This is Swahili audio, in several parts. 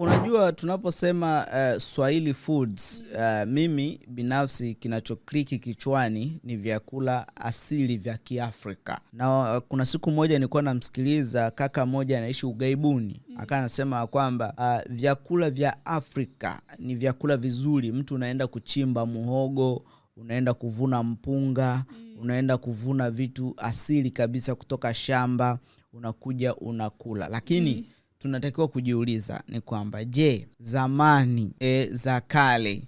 Unajua, tunaposema uh, Swahili foods uh, mimi binafsi kinachokriki kichwani ni vyakula asili vya Kiafrika. Na uh, kuna siku moja nilikuwa namsikiliza kaka mmoja anaishi ughaibuni mm. Akawa anasema kwamba uh, vyakula vya Afrika ni vyakula vizuri. Mtu unaenda kuchimba muhogo, unaenda kuvuna mpunga mm. Unaenda kuvuna vitu asili kabisa kutoka shamba, unakuja unakula, lakini mm tunatakiwa kujiuliza ni kwamba je, zamani e, za kale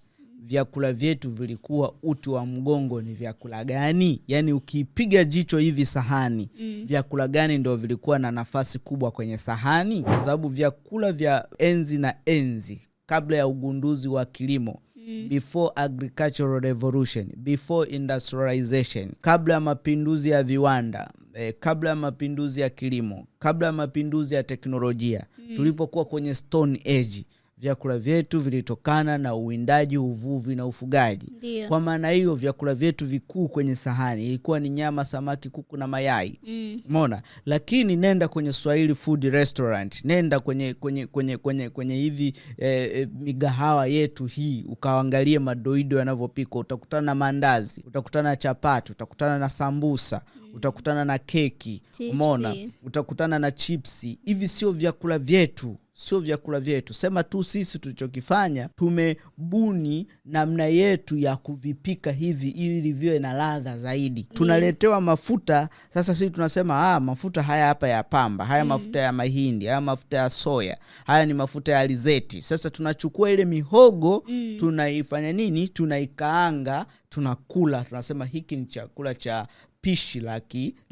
vyakula vyetu vilikuwa uti wa mgongo ni vyakula gani? Yaani ukipiga jicho hivi sahani mm. vyakula gani ndo vilikuwa na nafasi kubwa kwenye sahani? Kwa sababu vyakula vya enzi na enzi kabla ya ugunduzi wa kilimo mm. before agricultural revolution, before industrialization, kabla ya mapinduzi ya viwanda eh, kabla ya mapinduzi ya kilimo, kabla ya mapinduzi ya teknolojia mm. tulipokuwa kwenye stone age vyakula vyetu vilitokana na uwindaji, uvuvi na ufugaji. Ndiyo. Kwa maana hiyo vyakula vyetu vikuu kwenye sahani ilikuwa ni nyama, samaki, kuku na mayai. Mm. Umeona? Mm. Lakini nenda kwenye Swahili food restaurant, nenda kwenye kwenye kwenye kwenye, kwenye hivi eh, eh, migahawa yetu hii ukaangalie madoido yanavyopikwa, utakutana na mandazi, utakutana na chapati, utakutana na sambusa mm. utakutana na keki, umeona, utakutana na chipsi. Hivi sio vyakula vyetu sio vyakula vyetu. Sema tu sisi tulichokifanya, tumebuni namna yetu ya kuvipika hivi ili viwe na ladha zaidi. Tunaletewa mafuta sasa, sisi tunasema ah, mafuta haya hapa ya pamba, haya mm. mafuta ya mahindi, haya mafuta ya soya, haya ni mafuta ya alizeti. Sasa tunachukua ile mihogo mm, tunaifanya nini? Tunaikaanga, tunakula, tunasema hiki ni chakula cha pishi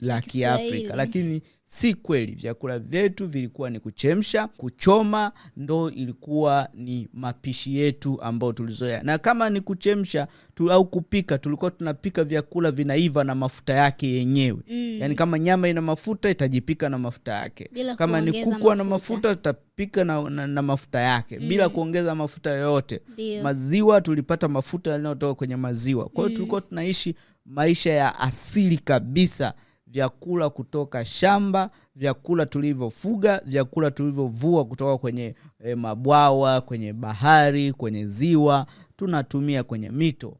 la Kiafrika, lakini Si kweli, vyakula vyetu vilikuwa ni kuchemsha, kuchoma, ndo ilikuwa ni mapishi yetu ambayo tulizoea. Na kama ni kuchemsha tu, au kupika, tulikuwa tunapika vyakula vinaiva na mafuta yake yenyewe mm. Yani kama nyama ina mafuta itajipika na mafuta yake bila kama ni kuku na mafuta tutapika na, na, na mafuta yake mm. bila kuongeza mafuta yoyote. Maziwa tulipata mafuta yanayotoka kwenye maziwa, kwa hiyo mm. tulikuwa tunaishi maisha ya asili kabisa vyakula kutoka shamba, vyakula tulivyofuga, vyakula tulivyovua kutoka kwenye e, mabwawa, kwenye bahari, kwenye ziwa, tunatumia kwenye mito.